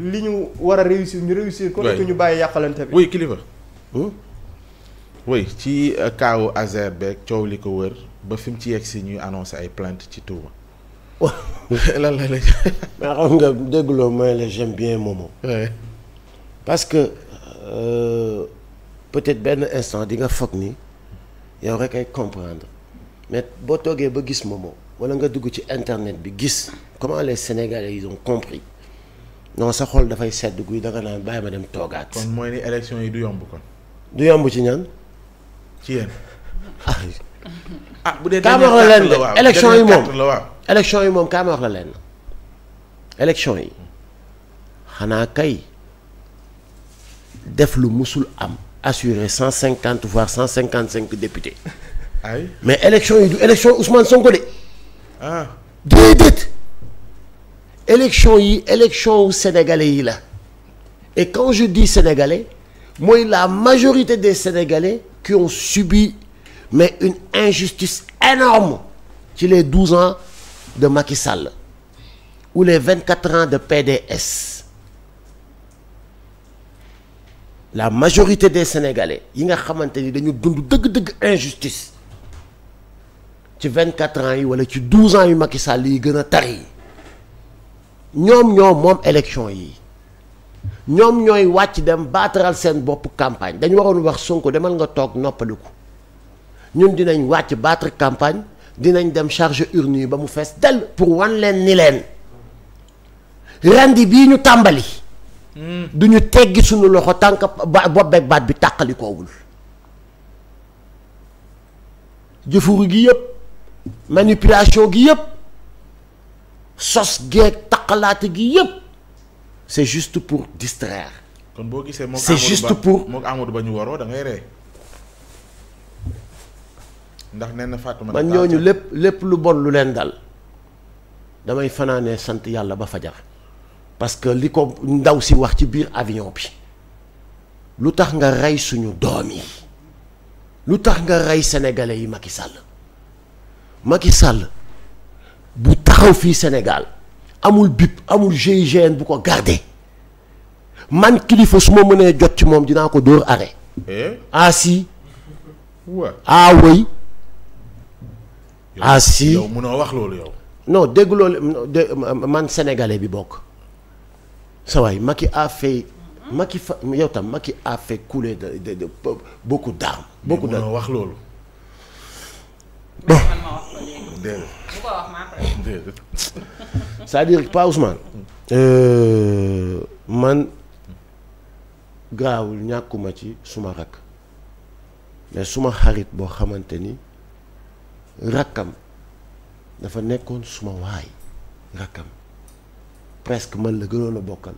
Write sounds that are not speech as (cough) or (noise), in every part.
li ñu war a réussir ñu réussir ko nekk ñu bàyyi yàqalante bi oui kilifa oui ci euh, kaawu Azer beeg coow li ko wër ba fi mu ci yegg si ñuy annoncé ay plainte ci Touba (laughs) lan la la (laughs) mais xam nga la j'aime bien Momo parce que euh, peut-être benn instant di nga foog ni yow rek ay comprendre mais boo toogee ba gis Momo wala nga dugg ci internet bi gis comment les Sénégalais ils ont compris non sa xol dafay sedd guy danga naan bàyyi ma dem toogaat. kon mooy ni élection yi du yomb kon. du yomb ci ñan. ci yéen. ah bu dee. kaa la leen de élection yi moom élection yi moom kaa wax la leen. élection yi xanaa kay def lu musul am. assurer cent cinquante voire cent cinquante cinq députés. mais élection yi du élection Ousmane Sonko de. Ah. déedéet. élection yi élection wu sénégalais yi la et quand je dis sénégalais mooy la majorité des sénégalais qui ont subi mais une injustice énorme ci les douze ans de Macky Sall ou les vingt quatre ans de PDS la majorité des sénégalais yi nga xamante ni dañu dund dëgg-dëgg injustice ci vingt quatre ans yi wala ci douze ans yu Macky Sall yi gën a tar ñoom ñoo moom élection yi ñoom ñooy wàcc dem baataral seen bopp campagne dañu waroon wax Sonko demal nga toog noppaliku ñun dinañ wàcc battre campagne dinañ dem charge urne ba mu fees dell pour wan leen ni leen rendi bii ñu tàmbali hmm. duñu ñu teggi suñu loxo tànk bopp baat bi tàqalikoowul jëfuru gi yëpp manipulation gi yëpp sos geeg yàqalaate gi yëpp c'est juste pour distraire. boo gisee moom c'est juste pour moom Amadou ñu waroo da ngay ndax nee na Fatouma man ñooñu lépp lépp lu bon lu leen dal damay fanaane sant yàlla ba fajar parce que li ko ndaw si wax ci biir avion bi lu tax nga rey suñu doom yi lu tax nga rey sénégalais yi Macky Sall Macky Sall bu taxaw fii Sénégal amul bip amul GIGN bu ko garde man kilifa su ma mënee jot ci moom dinaa ko dóor arrêt. asi eh? ah asi ah, yow ah, wax loolu yow. non dégg loolu man sénégalais bi bokk sa waay Macky a fait Macky fa yow tam Macky a fait couler de de de beaucoup wax loolu. bu ko wax ma man gaawul ñàkkuma ci suma rakk mais suma xarit boo xamante ni rakkam dafa nekkoon suma waay rakkam presque man la gënoon a bokkal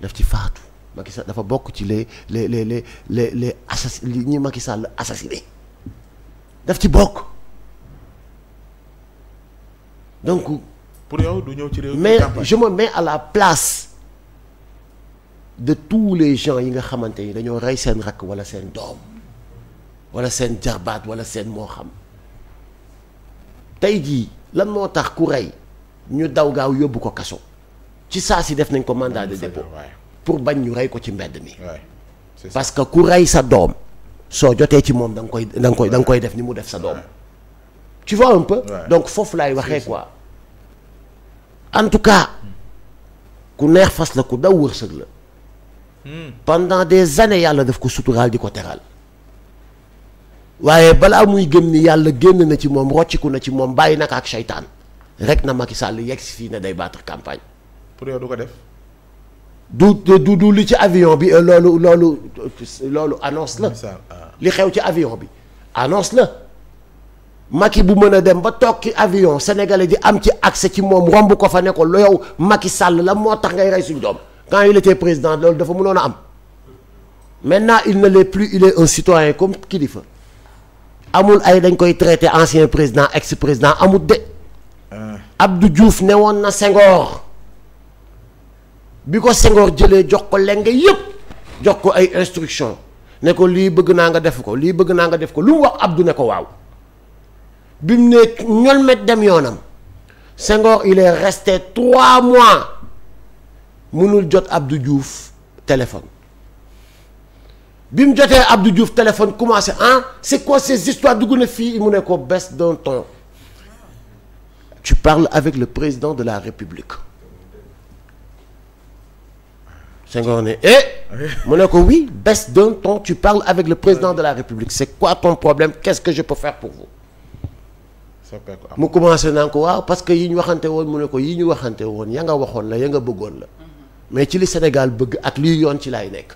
daf ci faatu Macky dafa bokk ci les les les les les ñi assass li ñuy daf ci bokk. donc. pour yow du ñëw ci réew mais je me mets à la place de tous les gens yi nga xamante ni dañoo rey seen rakk walla seen doom walla seen jarbaat walla seen moo xam tey jii lan moo tax ku rey ñu daw gaaw yóbbu ko kaso ci saa si def nañ ko mandat de dépôt pour bañ ñu rey ko ci mbedd mi. parce que ku rey sa doom soo jotee ci moom da nga koy da koy da nga koy def ni mu def sa doom. tu vois un donc foofu laay waxee quoi. en tout cas ku neex fas la ku daw wërsëg la hmm. pendant des années yàlla def ko suturaal di ko teral waaye balaa muy gëm yàlla génn na ci moom rocciku na ci moom bàyyi nag ak seytaan rek na Macky sàll yegg si fii na day battre campagne. pour du ko def. du du li ci avion bi euh, loolu loolu loolu annonce la. Ah. li xew ci avion bi annonce la. Macky bu mën a dem ba toog avion sénégalais di am ci accès ci moom romb ko fa ne ko lu yow Macky sàll la moo tax ngay rey suñu doom quand il était président loolu dafa mënoon a am maintenant il na l'est plus il est un citoyen comme kilifa amul ay dañ koy traité ancien président ex président amul de Abdou juuf ne woon na Senghor bi ko sengoor jëlee jox ko leng yépp jox ko ay instruction ne ko lii bëgg naa nga def ko lii bëgg naa nga def ko lu mu wax Abdou ne ko waaw bi mu ne ñolmet dem yoonam Senghor il est resté trois mois mënul jot Abdou Diouf téléphone bi mu jotee Abdou Diouf téléphone commencé ah c'est quoi ces histoires dugg na fii mu ne ko baisse d'un ton tu parles avec le président de la République Senghor ne eh mu ne ko oui baisse d'un ton tu parles avec le président de la République c'est quoi ton problème qu'est-ce que je peux faire pour vous soppeeku mu commencé naan ko waaw parce que yi ñu waxante woon mu ne ko yi ñu waxante woon ya nga waxoon la ya nga bëggoon la mm-hmm. mais ci li Sénégal bëgg ak lii yoon ci laay nekk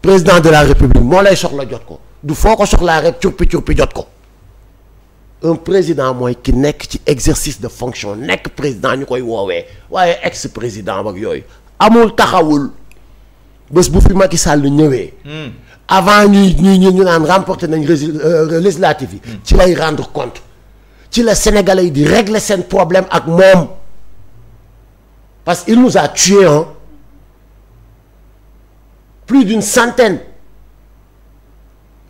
président de la république moo lay soxla jot ko du foo ko soxlaa rek curpi curpi jot ko un président mooy ki nekk ci exercice de fonction nekk président ñu koy woowee waaye ex président ak yooyu amul taxawul bés bu fi Macky Sall ñëwee. Mm. avant ñu ñu ñu naan remporté nañ euh, législative yi. Hmm. ci lay rendre compte ci la sénégalais yi di régler seen problème ak moom parce que il nous a tué hein plus d'une centaine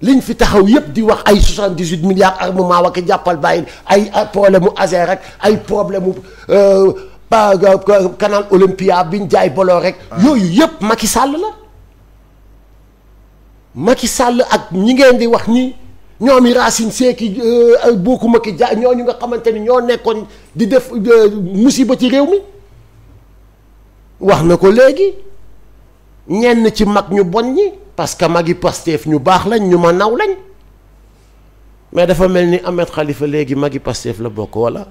liñ fi taxaw yépp di wax ay soixante dix huit milliards armement wak jàppal bàyyi ay problème mu Azer rek ay problème mu euh, euh, canal Olympia ñu jaay boloo rek. Ah. yooyu yépp Macky sàll la. Macky sàll ak ñi ngeen di wax ni ñoom i Racine Seck euh, bokku Macky ñoo ñu nga xamante ni ñoo nekkoon di def musiba ci réew mi wax na ko léegi ñenn ci mag ñu bon ñi parce que yi Pastef ñu baax lañ ñu ma naw lañ mais dafa mel ni Ahmed Khalifa léegi yi Pastef la bokk ah, wala.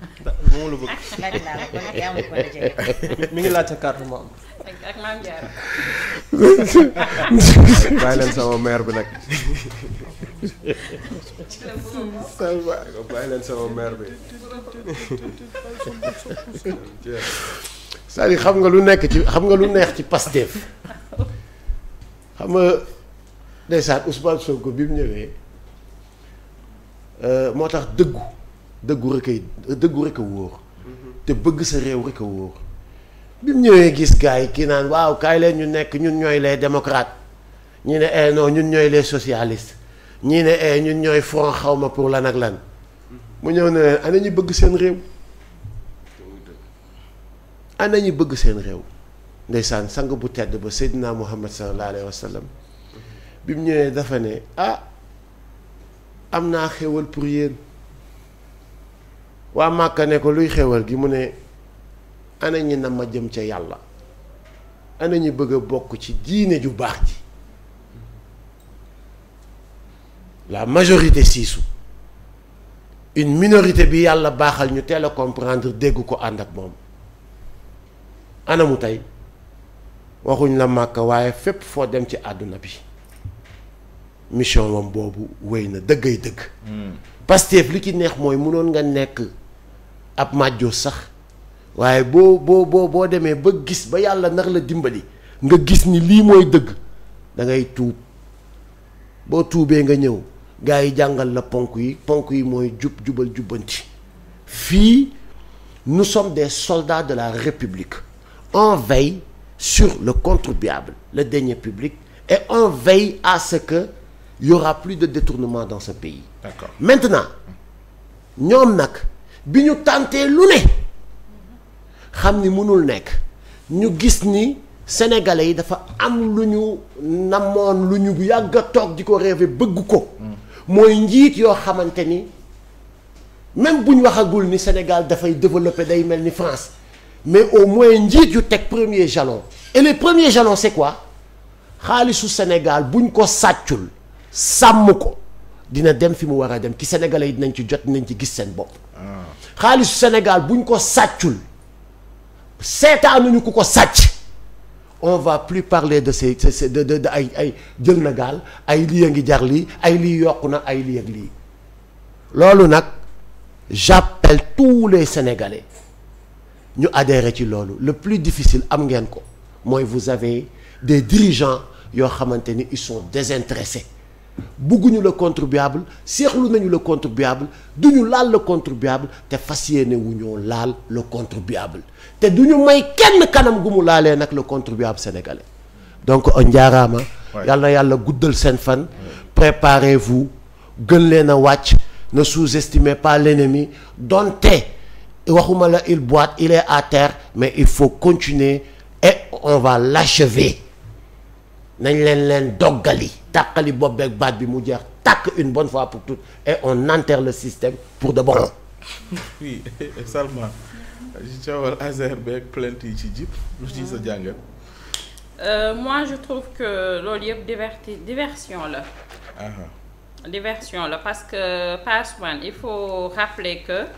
ngi laajte carte bàyyi leen sama maire bi nag. bàyyi leen bi. xam nga lu nekk ci xam nga lu neex ci Pastef xam nga ndeysaan Ousmane Sonko bi mu ñëwee euh, moo tax dëggu dëggu rek a dëggu rek a wóor. Mm-hmm. te bëgg sa réew rek a wóor. bi mu ñëwee gis kaay yi kii naan waaw kaay leen ñu nekk ñun ñooy lee démocrates ñi ne eh non ñun ñooy les socialist ñii ne eh ñun ñooy front xawma pour lan ak lan mu ñëw ne leen ñu bëgg seen réew ana ñu bëgg seen réew ndeysaan sang bu tedd ba Seydina Muhammad sallallahu alayhi wa sallam bi mu ñëwee dafa ne ah am naa xéwal pour yéen waa Màkka ne ko luy xewal gi mu ne ana ñi na ma jëm ca yàlla ana ñi bëgg a bokk ci diine ju baax ji la majorité siisu une minorité bi yàlla baaxal ñu teel a dégg ko ànd ak moom anamu tey waxuñ la màkka waaye fépp foo dem ci àdduna bi mission wam boobu wéy na dëggay dëgg hmm. Pastef li ci neex mooy munoon nga nekk ab màjjoo sax waaye boo boo boo boo demee ba gis ba yàlla nar la dimbali nga gis ni lii mooy dëgg da ngay tuub boo tuubee nga ñëw gars yi jàngal la ponk yi ponk yi mooy jub jubal jubbanti fii nous sommes des soldats de la république en veille sur le contribuable le denier public et on veille à ce que y aura plus de détournement dans ce pays. D'accord. maintenant ñoom nag bi ñu tàntee lu ne. xam ni mënul nekk ñu gis ni sénégalais yi dafa am lu ñu namoon lu ñu yàgg a toog di ko rêvé bëgg ko mooy njiit yoo xamante ni même buñ ñu waxagul ni Sénégal dafay développé day mel ni France mais au moins njiit yu teg premier jalon et les premiers jalons c'est quoi xaalisu Sénégal buñ ko sàccul sàmm ko dina dem fi mu war a dem ki sénégalais yi dinañ ci jot dinañ ci gis seen bopp ah. xaalisu Sénégal buñ ko sàccul seetaanuñu ku ko sàcc on va plus parler de ces de de ay ay jël na gaal ay lii a ngi jar lii ay lii yokku na ay lii ak lii loolu nag j'appelle tous les Sénégalais ñu adhérer ci loolu le plus difficile am ngeen ko mooy vous avez des dirigeants yoo xamante ni ils sont désintéressés bugguñu la contribuable seexlu nañu la contribuable duñu laal le contribuable te fas yéene wu ñoo laal le contribuable te duñu may kenn kanam gu mu laalee nag le contribuable sénégalais donc on njaaraama yàlla yàlla guddal seen fan préparez-vous gën leen a wàcc na sous-estimez pas l'ennemi donte waxuma la il boite il est à terre mais il faut continuer et on va l'achever nañ leen leen doggali tàqali bopp beeg baat bi mu jeex takk une bonne fois pour toutes et on enterre le système pour de bon. Ah. (laughs) oui Salma. coowal ASER beeg plainte yi ci jip lu ci sa jàngat. Euh, moi je trouve que loolu yëpp diverti diversion la. Ah ah. diversion la parce que Passe il faut rappeler que.